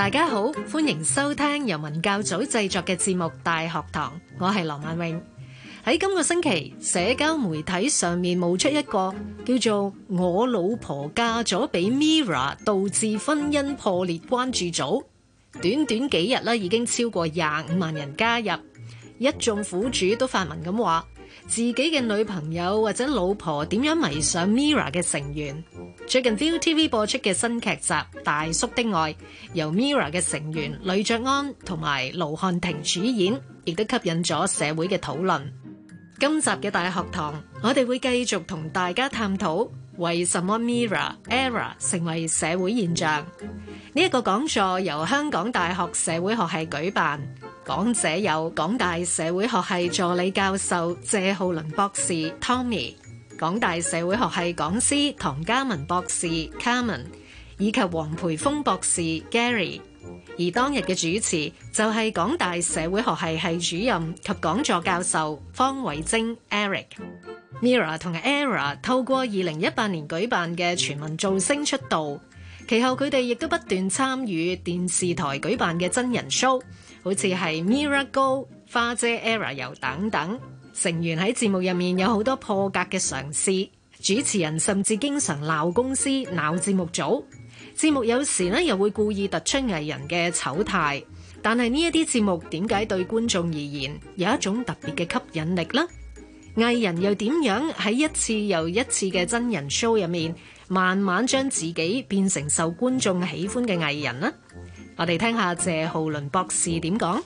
大家好，歡迎收聽由文教組製作嘅節目《大學堂》，我係羅曼永。喺今個星期，社交媒體上面冒出一個叫做《我老婆嫁咗俾 Mirror，導致婚姻破裂》關注組，短短幾日咧，已經超過廿五萬人加入。一眾苦主都發文咁話。自己嘅女朋友或者老婆點樣迷上 Mirror 嘅成員？最近 ViuTV 播出嘅新劇集《大叔的愛》，由 Mirror 嘅成員呂爵安同埋盧瀚霆主演，亦都吸引咗社會嘅討論。今集嘅大學堂，我哋會繼續同大家探討為什麼 Mirror 與 Error 成為社會現象。呢一個講座由香港大學社會學系舉辦，講者有港大社會學系助理教授謝浩麟博士 Tommy，港大社會學系講師唐嘉汶博士 Carmen，以及黃培烽博士 Gary。而當日嘅主持就係港大社會學系系主任及講座教授方偉晶 Eric。Mirror 同 Error 透過二零一八年舉辦嘅全民造星出道，其後佢哋亦都不斷參與電視台舉辦嘅真人 show，好似係 Mirror Go、花姐 Error 遊等等。成員喺節目入面有好多破格嘅嘗試，主持人甚至經常鬧公司、鬧節目組。節目有時咧，又會故意突出藝人嘅醜態，但係呢一啲節目點解對觀眾而言有一種特別嘅吸引力呢？藝人又點樣喺一次又一次嘅真人 show 入面，慢慢將自己變成受觀眾喜歡嘅藝人呢？我哋聽下謝浩麟博士點講。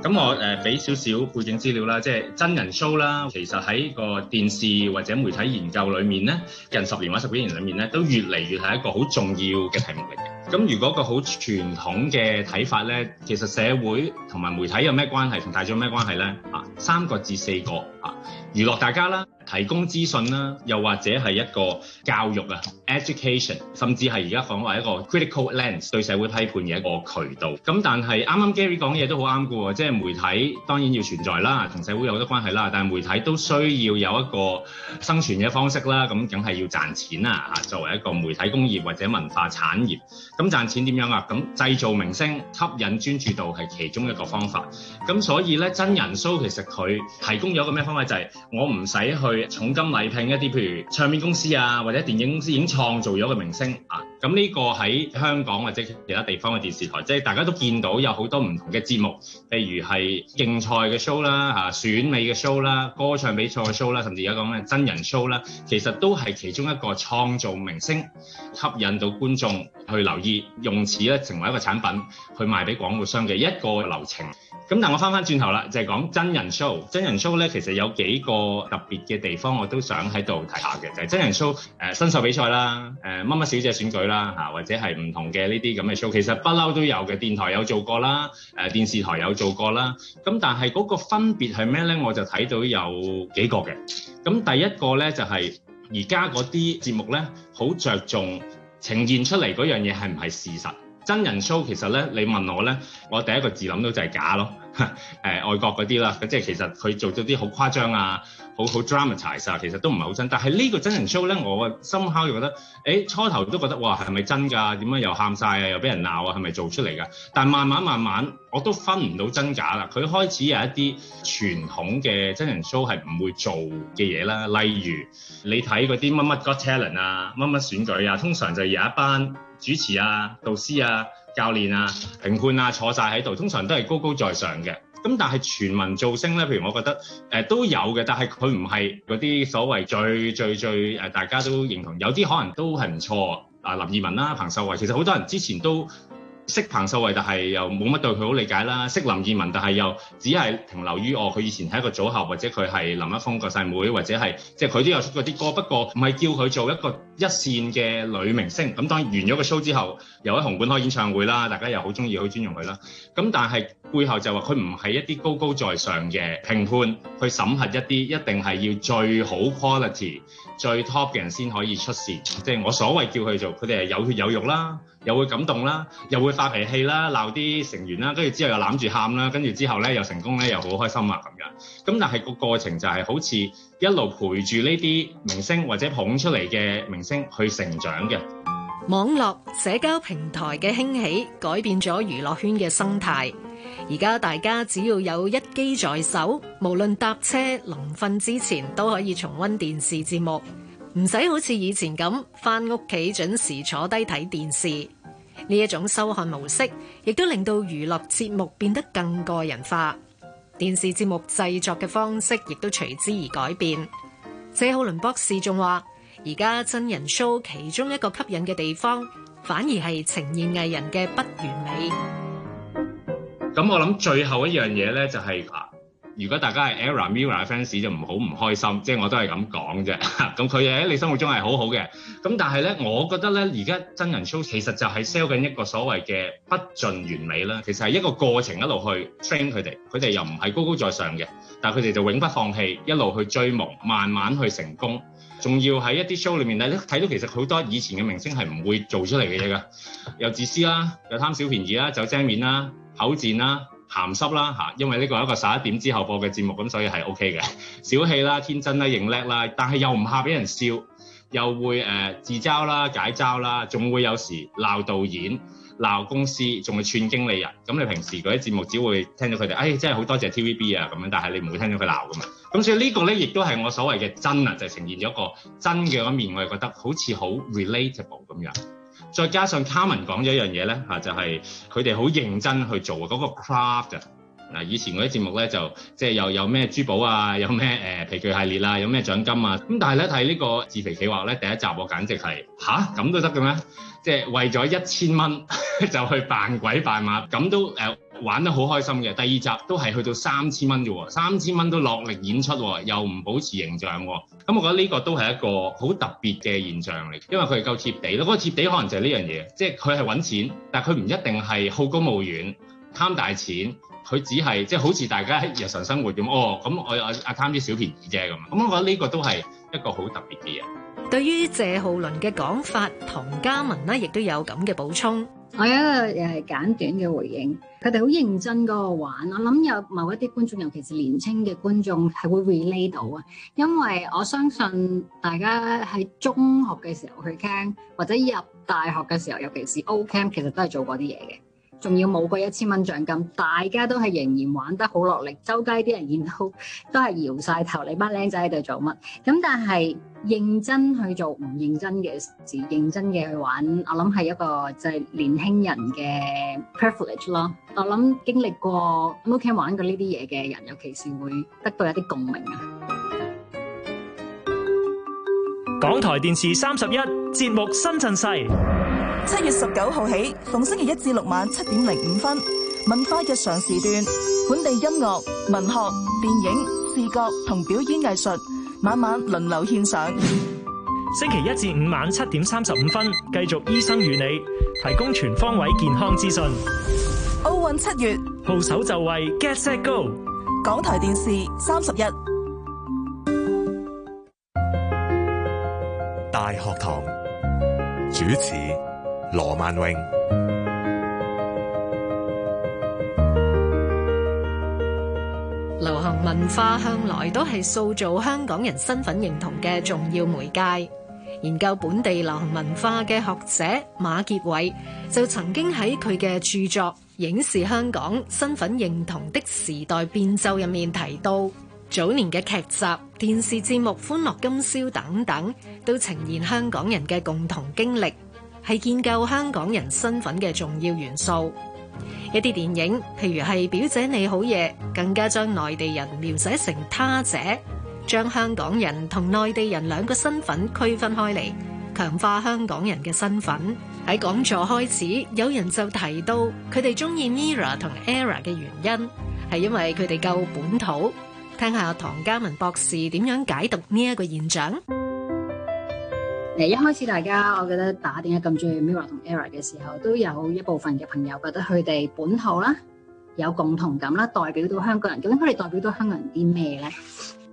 咁我誒俾少少背景資料啦，即係真人 show 啦，其實喺個電視或者媒體研究裏面呢，近十年或者十幾年裏面呢，都越嚟越係一個好重要嘅題目嚟嘅。咁如果個好傳統嘅睇法呢，其實社會同埋媒體有咩關係，同大眾有咩關係呢？啊，三個至四個啊。娛樂大家啦，提供資訊啦，又或者係一個教育啊，education，甚至係而家講話一個 critical lens 對社會批判嘅一個渠道。咁但係啱啱 Gary 講嘢都好啱嘅喎，即係媒體當然要存在啦，同社會有好多關係啦，但係媒體都需要有一個生存嘅方式啦，咁梗係要賺錢啦嚇，作為一個媒體工業或者文化產業。咁賺錢點樣啊？咁製造明星、吸引專注度係其中一個方法。咁所以咧，真人 show 其實佢提供咗一個咩方法就係。我唔使去重金禮聘一啲譬如唱片公司啊，或者電影公司已經創造咗嘅明星啊。咁呢個喺香港或者其他地方嘅電視台，即係大家都見到有好多唔同嘅節目，例如係競賽嘅 show 啦、選美嘅 show 啦、歌唱比賽嘅 show 啦，甚至而家講真人 show 啦，其實都係其中一個創造明星、吸引到觀眾去留意、用此咧成為一個產品去賣俾廣告商嘅一個流程。咁但我翻翻轉頭啦，就係講真人 show，真人 show 咧其實有幾個特別嘅地方我都想喺度睇下嘅，就係真人 show 誒新秀比賽啦、誒乜乜小姐選舉。啦吓，或者係唔同嘅呢啲咁嘅 show，其實不嬲都有嘅，電台有做過啦，誒電視台有做過啦。咁但係嗰個分別係咩咧？我就睇到有幾個嘅。咁第一個咧就係而家嗰啲節目咧，好着重呈現出嚟嗰樣嘢係唔係事實。真人 show 其實咧，你問我咧，我第一個字諗到就係假咯。誒外國嗰啲啦，即係其實佢做咗啲好誇張啊。好好 dramatize 晒，其實都唔係好真，但係呢個真人 show 咧，我深刻就覺得，誒初頭都覺得哇係咪真㗎？點解又喊晒啊？又俾人鬧啊？係咪做出嚟㗎？但慢慢慢慢，我都分唔到真假啦。佢開始有一啲傳統嘅真人 show 係唔會做嘅嘢啦，例如你睇嗰啲乜乜 Got Talent 啊，乜乜選舉啊，通常就有一班主持啊、導師啊、教練啊、評判啊坐晒喺度，通常都係高高在上嘅。咁但係全民造聲咧，譬如我覺得誒、呃、都有嘅，但係佢唔係嗰啲所謂最最最、呃、大家都認同，有啲可能都係唔錯，啊、呃、林二汶啦、彭秀慧，其實好多人之前都識彭秀慧，但係又冇乜對佢好理解啦；識林二汶，但係又只係停留於哦，佢以前係一個組合，或者佢係林一峰個細妹，或者係即係佢都有出過啲歌，不過唔係叫佢做一個一線嘅女明星。咁當然完咗個 show 之後，又喺紅館開演唱會啦，大家又好中意，去尊重佢啦。咁但係背後就話佢唔係一啲高高在上嘅評判去審核一啲，一定係要最好 quality。最 top 嘅人先可以出事，即係我所謂叫佢做，佢哋係有血有肉啦，又會感動啦，又會發脾氣啦，鬧啲成員啦，跟住之後又攬住喊啦，跟住之後咧又成功咧，又好開心啊咁樣，咁但係個過程就係好似一路陪住呢啲明星或者捧出嚟嘅明星去成長嘅。網絡社交平台嘅興起改變咗娛樂圈嘅生態。而家大家只要有一機在手，無論搭車、臨瞓之前都可以重温電視節目，唔使好似以前咁返屋企準時坐低睇電視呢一種收看模式，亦都令到娛樂節目變得更個人化。電視節目製作嘅方式亦都隨之而改變。謝浩麟博士仲話，而家真人 show 其中一個吸引嘅地方，反而係呈現藝人嘅不完美。咁我諗最後一樣嘢咧，就係啊，如果大家係 Error、Mirror 嘅 fans 就唔好唔開心，即係我都係咁講啫。咁佢喺你生活中係好好嘅。咁但係咧，我覺得咧，而家真人 show 其實就係 sell 緊一個所謂嘅不盡完美啦。其實係一個過程，一路去 train 佢哋，佢哋又唔係高高在上嘅，但佢哋就永不放棄，一路去追夢，慢慢去成功，仲要喺一啲 show 裏面咧睇到其實好多以前嘅明星係唔會做出嚟嘅嘢㗎，又自私啦，又貪小便宜啦，走遮面啦。口賤啦、啊、鹹濕啦，因為呢個係一個十一點之後播嘅節目，咁所以係 O K 嘅。小氣啦、啊、天真啦、啊、認叻啦、啊，但係又唔怕俾人笑，又會誒、呃、自招啦、解招啦，仲會有時鬧導演、鬧公司，仲會串經理人。咁你平時嗰啲節目只會聽到佢哋，哎，真係好多謝 TVB 啊咁樣，但係你唔會聽到佢鬧噶嘛。咁所以呢個呢，亦都係我所謂嘅真啊，就是、呈現咗一個真嘅一面，我哋覺得好似好 relatable 咁樣。再加上卡文講咗一樣嘢咧吓，就係佢哋好認真去做嗰、那個 craft。嗱，以前嗰啲節目咧，就即係又有咩珠寶啊，有咩皮具系列啦、啊，有咩獎金啊。咁但係咧，睇呢個自肥企劃咧，第一集我簡直係吓，咁都得嘅咩？即係、就是、為咗一千蚊就去扮鬼扮馬，咁都、呃玩得好開心嘅，第二集都係去到三千蚊啫喎，三千蚊都落力演出喎，又唔保持形象喎，咁我覺得呢個都係一個好特別嘅現象嚟，因為佢係夠貼地咯，嗰個貼地可能就係呢樣嘢，即係佢係揾錢，但係佢唔一定係好高騖遠，貪大錢，佢只係即係好似大家喺日常生活咁，哦，咁我阿阿貪啲小便宜啫咁，咁我覺得呢個都係一個好特別嘅嘢。對於謝浩麟嘅講法，唐嘉汶呢亦都有咁嘅補充。我有一個又係簡短嘅回應，佢哋好認真嗰個玩，我諗有某一啲觀眾，尤其是年輕嘅觀眾係會 relate 到啊，因為我相信大家喺中學嘅時候去 camp 或者入大學嘅時候，尤其是 O camp，其實都係做過啲嘢嘅。仲要冇個一千蚊獎金，大家都係仍然玩得好落力。周街啲人然後都係搖曬頭，你班靚仔喺度做乜？咁但係認真去做唔認真嘅事，認真嘅去玩，我諗係一個即係年輕人嘅 privilege 咯。我諗經歷過或者玩過呢啲嘢嘅人，尤其是會得到一啲共鳴啊！港台電視三十一節目新陣勢。七月十九號起，逢星期一至六晚七點零五分，文化日常時段，本地音樂、文學、電影、視覺同表演藝術，晚晚輪流獻上。星期一至五晚七點三十五分，繼續醫生與你，提供全方位健康資訊。奧運七月，號手就位，Get Set Go！港台電視三十一，大學堂。主持羅萬榮，流行文化向來都係塑造香港人身份認同嘅重要媒介。研究本地流行文化嘅學者馬傑偉就曾經喺佢嘅著作《影視香港：身份認同的時代變奏》入面提到，早年嘅劇集、電視節目《歡樂今宵》等等，都呈現香港人嘅共同經歷。係建構香港人身份嘅重要元素。一啲電影，譬如係表姐你好嘢，更加將內地人描寫成他者，將香港人同內地人兩個身份區分開嚟，強化香港人嘅身份。喺講座開始，有人就提到佢哋中意 Mirror 同 Error 嘅原因，係因為佢哋夠本土。聽下唐嘉汶博士點樣解讀呢一個現象。一開始大家，我覺得打點解咁中意 Mirror 同 Error 嘅時候，都有一部分嘅朋友覺得佢哋本土啦，有共同感啦，代表到香港人。究竟佢哋代表到香港人啲咩呢？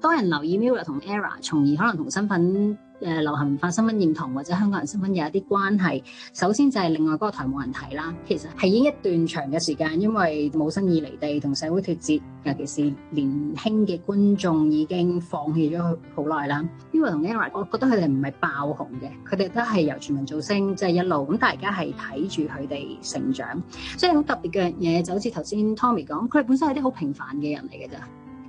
多人留意 Mirror 同 Error，從而可能同身份。誒流行化身份認同或者香港人身份有一啲關係。首先就係另外嗰個台冇人睇啦，其實係已經一段長嘅時間，因為冇新意離地同社會脫節，尤其是年輕嘅觀眾已經放棄咗佢好耐啦。因為同 Eric 我覺得佢哋唔係爆紅嘅，佢哋都係由全民造星即係、就係、一路。咁大家係睇住佢哋成長，所以好特別嘅嘢就好似頭先 Tommy 講，佢哋本身係啲好平凡嘅人嚟嘅咋。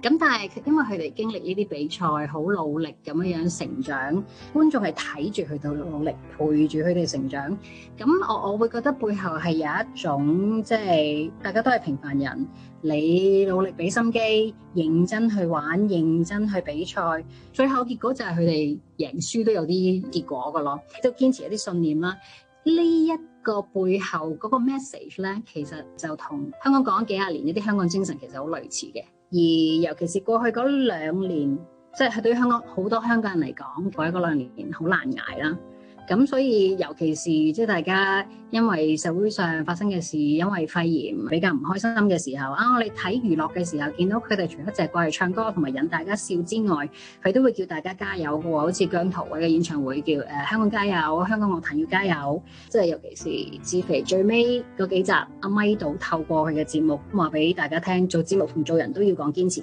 咁但係，因為佢哋經歷呢啲比賽，好努力咁樣樣成長，觀眾係睇住佢哋努力，陪住佢哋成長。咁我我會覺得背後係有一種即係大家都係平凡人，你努力俾心機，認真去玩，認真去比賽，最後結果就係佢哋贏輸都有啲結果㗎咯，都堅持一啲信念啦。呢一個背後嗰個 message 咧，其實就同香港講幾廿年一啲香港精神其實好類似嘅，而尤其是過去嗰兩年，即係對於香港好多香港人嚟講，過去嗰兩年好難捱啦。咁所以，尤其是即係大家因為社會上發生嘅事，因為肺炎比較唔開心嘅時候，啊，我哋睇娛樂嘅時候，見到佢哋除咗淨係過去唱歌同埋引大家笑之外，佢都會叫大家加油嘅喎，好似姜濤偉嘅演唱會叫誒、呃、香港加油，香港樂壇要加油。即係尤其是自肥最尾嗰幾集，阿咪都透過佢嘅節目話俾大家聽做節目同做人都要講堅持，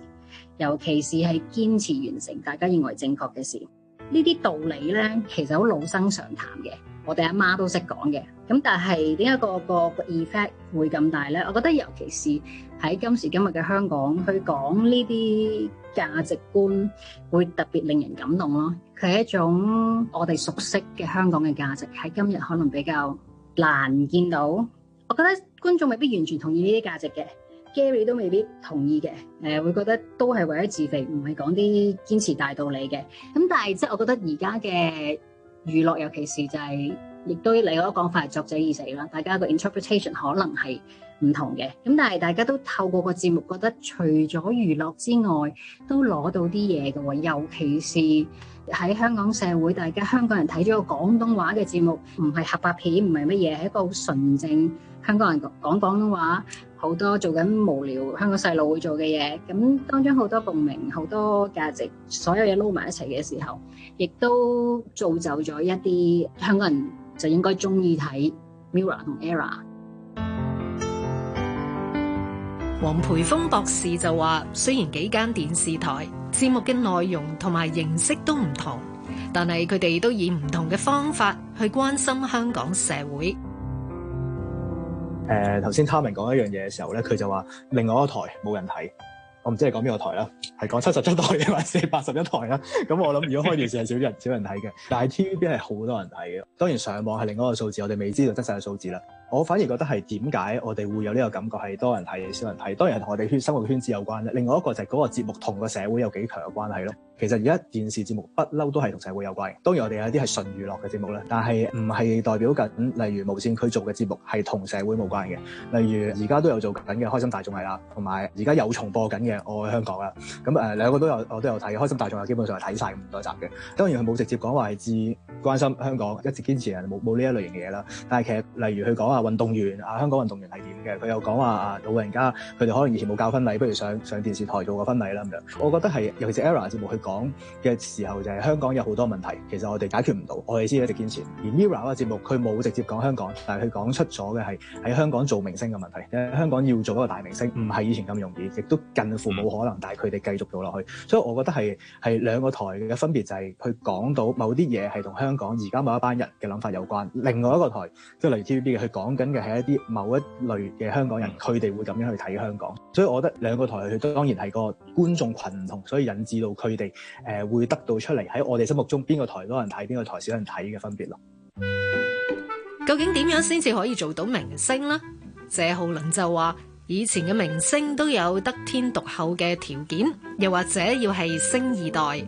尤其是係堅持完成大家認為正確嘅事。呢啲道理咧，其實好老生常談嘅，我哋阿媽都識講嘅。咁但係點解個個 effect 會咁大咧？我覺得尤其是喺今時今日嘅香港去講呢啲價值觀，會特別令人感動咯。佢係一種我哋熟悉嘅香港嘅價值，喺今日可能比較難見到。我覺得觀眾未必完全同意呢啲價值嘅。Gary 都未必同意嘅，誒、呃、會覺得都係為咗自肥，唔係講啲堅持大道理嘅。咁但係即係我覺得而家嘅娛樂，尤其是就係、是，亦都你一個講法作者已死啦。大家個 interpretation 可能係唔同嘅。咁但係大家都透過個節目，覺得除咗娛樂之外，都攞到啲嘢嘅喎，尤其是。喺香港社會，大家香港人睇咗個廣東話嘅節目，唔係合拍片，唔係乜嘢，係一個好純正香港人講廣東話，好多做緊無聊香港細路會做嘅嘢。咁當中好多共鳴，好多價值，所有嘢撈埋一齊嘅時候，亦都造就咗一啲香港人就應該中意睇 Mirror 同 Error。黃培烽博士就話：雖然幾間電視台節目嘅內容同埋形式都唔同，但係佢哋都以唔同嘅方法去關心香港社會。誒、呃，頭先他明講一樣嘢嘅時候咧，佢就話另外一個台冇人睇，我唔知你講邊個台啦，係講七十七台定還是八十一台啦？咁我諗如果開電視係少人 少人睇嘅，但係 TVB 係好多人睇嘅，當然上網係另外一個數字，我哋未知到真實嘅數字啦。我反而覺得係點解我哋會有呢個感覺係多人睇少人睇，當然係同我哋圈生活圈子有關咧。另外一個就係嗰個節目同個社會有幾強嘅關係咯。其實而家電視節目不嬲都係同社會有關嘅。當然我哋有一啲係純娛樂嘅節目咧，但係唔係代表緊，例如無線佢做嘅節目係同社會冇關嘅。例如而家都有做緊嘅《開心大眾》係啦，同埋而家有重播緊嘅《我愛香港》啦。咁誒兩個都有我都有睇嘅《開心大眾》啊，基本上係睇晒咁多集嘅。當然佢冇直接講話係至關心香港，一直堅持係冇冇呢一類型嘅嘢啦。但係其實例如佢講話，運動員啊，香港運動員係點嘅？佢又講話啊，老人家佢哋可能以前冇搞婚禮，不如上上電視台做個婚禮啦，咁樣我覺得係，尤其是 Error 節目去講嘅時候，就是，就係香港有好多問題，其實我哋解決唔到，我哋只係一直堅持。而 Mirror 嘅節目佢冇直接講香港，但係佢講出咗嘅係喺香港做明星嘅問題。香港要做一個大明星，唔係以前咁容易，亦都近乎冇可能，但係佢哋繼續做落去。所以我覺得係係兩個台嘅分別就係去講到某啲嘢係同香港而家某一班人嘅諗法有關。另外一個台即係例如 TVB 嘅去講緊嘅係一啲某一類嘅香港人，佢哋會咁樣去睇香港，所以我覺得兩個台佢當然係個觀眾群唔同，所以引致到佢哋誒會得到出嚟，喺我哋心目中邊個台多人睇、邊個台少人睇嘅分別咯。究竟點樣先至可以做到明星呢？謝浩麟就話以前嘅明星都有得天獨厚嘅條件，又或者要係星二代，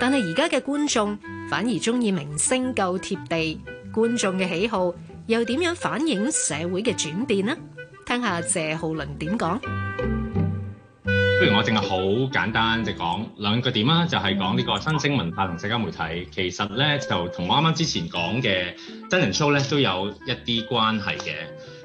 但係而家嘅觀眾反而中意明星夠貼地，觀眾嘅喜好。又點樣反映社會嘅轉變呢？聽下謝浩麟點講。不如我淨係好簡單兩，啊，就講兩個點啦，就係講呢個新興文化同社交媒體，其實呢，就同我啱啱之前講嘅真人 show 呢，都有一啲關係嘅。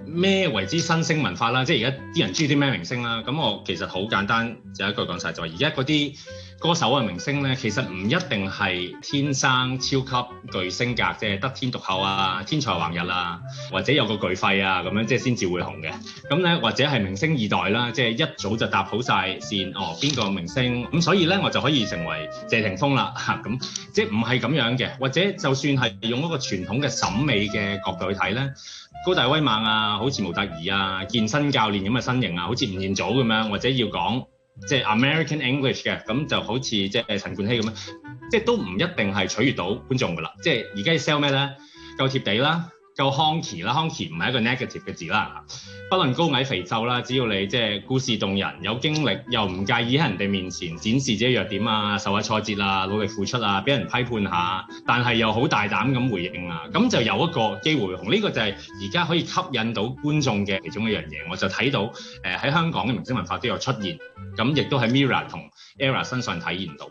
咩為之新星文化啦？即係而家啲人中意啲咩明星啦？咁我其實好簡單，就一句講晒。就而家嗰啲歌手啊、明星呢，其實唔一定係天生超級巨星格，即係得天獨厚啊、天才橫溢啊，或者有個巨肺啊咁樣，即係先至會紅嘅。咁呢。或者係明星二代啦，即係一早就搭好晒線，哦，邊個明星咁？所以呢，我就可以成為謝霆鋒啦。嚇咁，即係唔係咁樣嘅。或者就算係用一個傳統嘅審美嘅角度去睇呢。高大威猛啊，好似模特兒啊，健身教練咁嘅身形啊，好似吳彥祖咁樣，或者要講即係、就是、American English 嘅，咁就好似即係陳冠希咁樣，即係都唔一定係取悅到觀眾噶啦，即係而家要 sell 咩咧？夠貼地啦。夠康祈啦，康祈唔係一個 negative 嘅字啦。不論高矮肥瘦啦，只要你即係故事動人，有經歷，又唔介意喺人哋面前展示自己弱點啊，受下挫折啊，努力付出啊，俾人批判下，但係又好大膽咁回應啊，咁就有一個機會紅。呢、這個就係而家可以吸引到觀眾嘅其中一樣嘢，我就睇到誒喺、呃、香港嘅明星文化都有出現，咁亦都喺 Mirror 同 Error 身上體現到。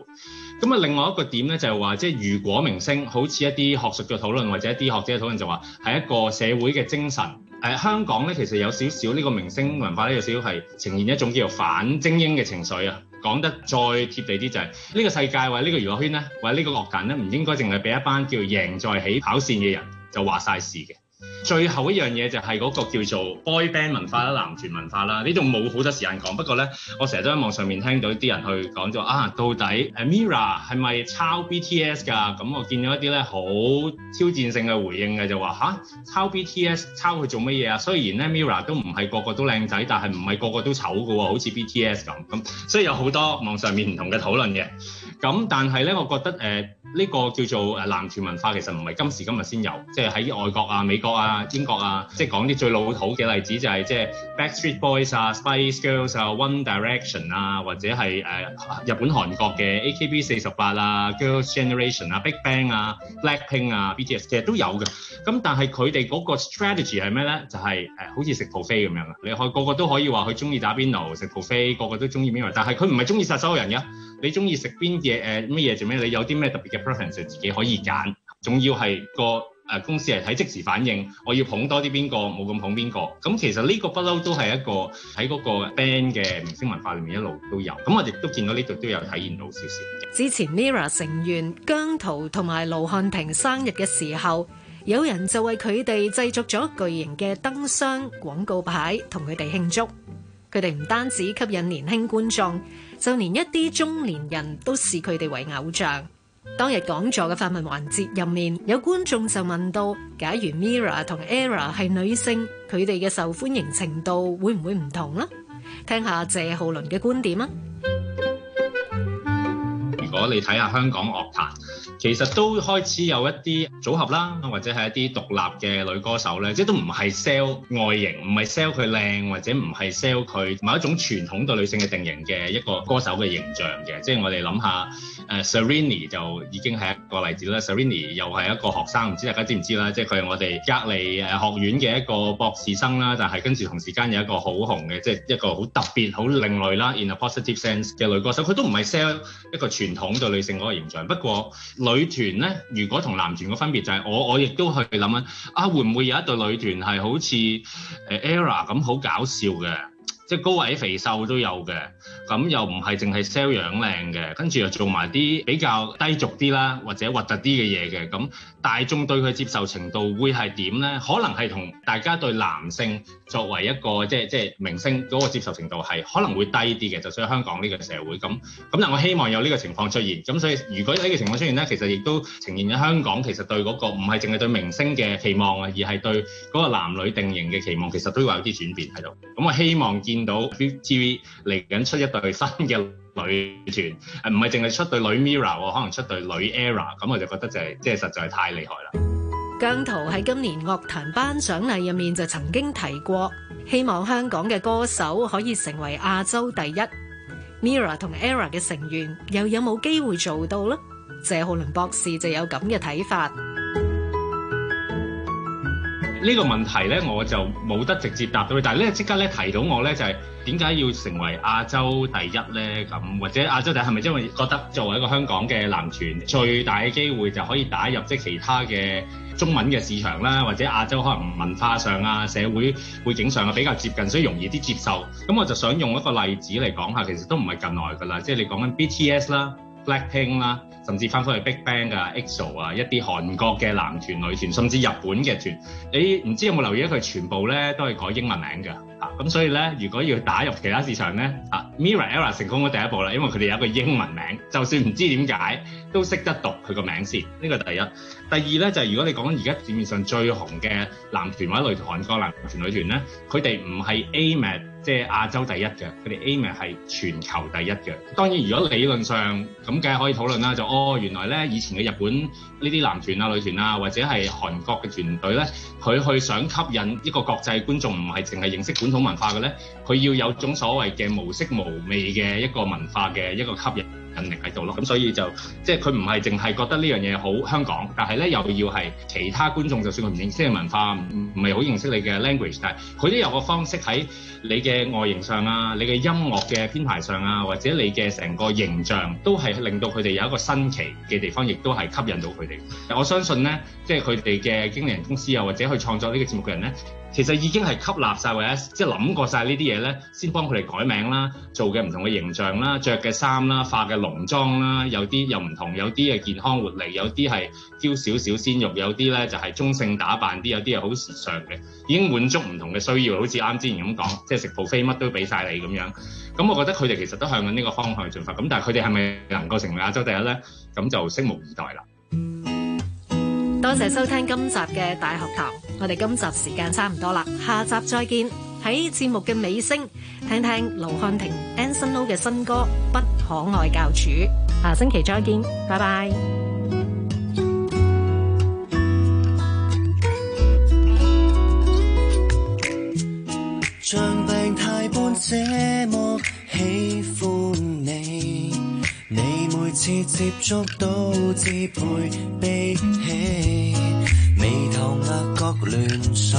咁啊，另外一個點咧，就係話，即係如果明星好似一啲學術嘅討論或者一啲學者嘅討論就話，係一個社會嘅精神。誒，香港咧，其實有少少呢個明星文化咧，有少少係呈現一種叫做反精英嘅情緒啊。講得再貼地啲就係，呢個世界或者呢個娛樂圈咧，或者呢個樂壇咧，唔應該淨係俾一班叫贏在起跑線嘅人就話晒事嘅。最後一樣嘢就係嗰個叫做 boy band 文化啦、男團文化啦，呢度冇好多時間講。不過呢，我成日都喺網上面聽到啲人去講咗啊，到底 Mirror 係咪抄 BTS 㗎？咁我見到一啲呢好挑戰性嘅回應嘅，就話嚇、啊、抄 BTS，抄佢做乜嘢啊？雖然呢 Mirror 都唔係個個都靚仔，但係唔係個個都醜嘅喎，好似 BTS 咁。咁所以有好多網上面唔同嘅討論嘅。咁但係呢，我覺得誒呢、呃呢個叫做男團文化其實唔係今時今日先有，即係喺外國啊、美國啊。啊、英國啊，即係講啲最老土嘅例子，就是，就係即係 Backstreet Boys 啊、Spice Girls 啊、One Direction 啊，或者係、呃、日本韓國嘅 AKB 四十八啊、Girls Generation 啊、Big Bang 啊、Blackpink 啊、BTS，其實都有嘅。咁但係佢哋嗰個 strategy 係咩咧？就係、是呃、好似食 buffet 咁樣啊。你可個個都可以話佢中意打邊爐、食 buffet，個個都中意邊樣，但係佢唔係中意殺手人嘅，你中意食邊嘢誒？咩嘢做咩？你有啲咩特別嘅 preference 自己可以揀，總要係個。誒公司係睇即時反應，我要捧多啲邊個，冇咁捧邊個。咁其實呢個不嬲都係一個喺嗰個 band 嘅明星文化裏面一路都有。咁我亦都見到呢度都有體現到少少。之前 Mirror 成員姜濤同埋盧瀚霆生日嘅時候，有人就為佢哋製作咗巨型嘅燈箱廣告牌，同佢哋慶祝。佢哋唔單止吸引年輕觀眾，就連一啲中年人都視佢哋為偶像。當日講座嘅發問環節入面，有觀眾就問到：假如 Mirror 同 Error 係女性，佢哋嘅受歡迎程度會唔會唔同呢？聽一下謝浩麟嘅觀點啊！如果你睇下香港樂壇，其實都開始有一啲組合啦，或者係一啲獨立嘅女歌手咧，即係都唔係 sell 外形，唔係 sell 佢靚，或者唔係 sell 佢某一種傳統對女性嘅定型嘅一個歌手嘅形象嘅。即係我哋諗下，誒 Serrini 就已經係一個例子啦。Serrini 又係一個學生，唔知大家知唔知啦？即係佢係我哋隔離誒學院嘅一個博士生啦，但係跟住同時間有一個好紅嘅，即係一個好特別好另類啦 （in a positive sense） 嘅女歌手。佢都唔係 sell 一個傳統。統對女性嗰個形象，不過女團呢，如果同男團個分別就係、是、我，我亦都去諗啊會唔會有一對女團係好似誒 Error 咁好搞笑嘅？即係高矮肥瘦都有嘅，咁又唔係淨係 sell 樣靚嘅，跟住又做埋啲比較低俗啲啦，或者核突啲嘅嘢嘅，咁大眾對佢接受程度會係點咧？可能係同大家對男性作為一個即係即係明星嗰個接受程度係可能會低啲嘅，就所以香港呢個社會咁。咁但係我希望有呢個情況出現，咁所以如果有呢個情況出現咧，其實亦都呈現咗香港其實對嗰個唔係淨係對明星嘅期望啊，而係對嗰個男女定型嘅期望，其實都會有啲轉變喺度。咁我希望見。到 Viu TV 嚟緊出一對新嘅女團，唔係淨係出對女 Mirror，可能出對女 Era，咁我就覺得就係即係實在太厲害啦。姜濤喺今年樂壇頒獎禮入面就曾經提過，希望香港嘅歌手可以成為亞洲第一 Mirror 同 Era 嘅成員，又有冇機會做到呢？謝浩麟博士就有咁嘅睇法。呢、呢個問題呢，我就冇得直接答到，但呢即刻咧提到我呢，就係點解要成為亞洲第一呢？咁或者亞洲第一係咪因為覺得作為一個香港嘅男團，最大嘅機會就可以打入即係其他嘅中文嘅市場啦，或者亞洲可能文化上啊、社會背景上啊比較接近，所以容易啲接受。咁我就想用一個例子嚟講下，其實都唔係咁耐㗎啦，即係你講緊 BTS 啦。BLACKPINK 啦，甚至翻返去 BIGBANG 啊、EXO 啊，一啲韓國嘅男團、女團，甚至日本嘅團，你唔知有冇留意佢全部咧都係改英文名㗎，咁、啊、所以咧，如果要打入其他市場咧，啊 MIRROR era 成功咗第一步啦，因為佢哋有一個英文名，就算唔知點解，都識得讀佢個名先，呢個第一。第二呢，就係如果你講緊而家市面上最紅嘅男團或者女團，韓國男團女團呢，佢哋唔係 aim at 即係亞洲第一嘅，佢哋 aim at 係全球第一嘅。當然，如果理論上咁梗係可以討論啦，就哦原來呢，以前嘅日本呢啲男團啊、女團啊，或者係韓國嘅團隊呢，佢去想吸引一個國際觀眾，唔係淨係認識本土文化嘅呢，佢要有種所謂嘅無色無味嘅一個文化嘅一個吸引。引力喺度咯，咁所以就即係佢唔係淨係覺得呢樣嘢好香港，但係咧又要係其他觀眾，就算佢唔認識文化，唔係好認識你嘅 language，但係佢都有個方式喺你嘅外形上啊，你嘅音樂嘅編排上啊，或者你嘅成個形象都係令到佢哋有一個新奇嘅地方，亦都係吸引到佢哋。我相信咧，即係佢哋嘅經理人公司啊或者去創作呢個節目嘅人咧，其實已經係吸納曬或者即係諗過曬呢啲嘢咧，先幫佢哋改名啦，做嘅唔同嘅形象啦，著嘅衫啦，化嘅。濃妝啦，有啲又唔同，有啲係健康活力，有啲係挑少少鮮肉，有啲咧就係中性打扮啲，有啲係好時尚嘅，已經滿足唔同嘅需要。好似啱之前咁講，即係食 buffet 乜都俾晒你咁樣。咁我覺得佢哋其實都向緊呢個方向進發。咁但係佢哋係咪能夠成為亞洲第一咧？咁就拭目以待啦。多謝收聽今集嘅大學堂，我哋今集時間差唔多啦，下集再見。喺節目嘅尾聲，聽聽盧瀚霆 Anson Lo 嘅新歌《不可愛教主》。下星期再見，拜拜。像病態般這麼喜歡你，你每次接觸都自備悲喜，眉頭額角聯手。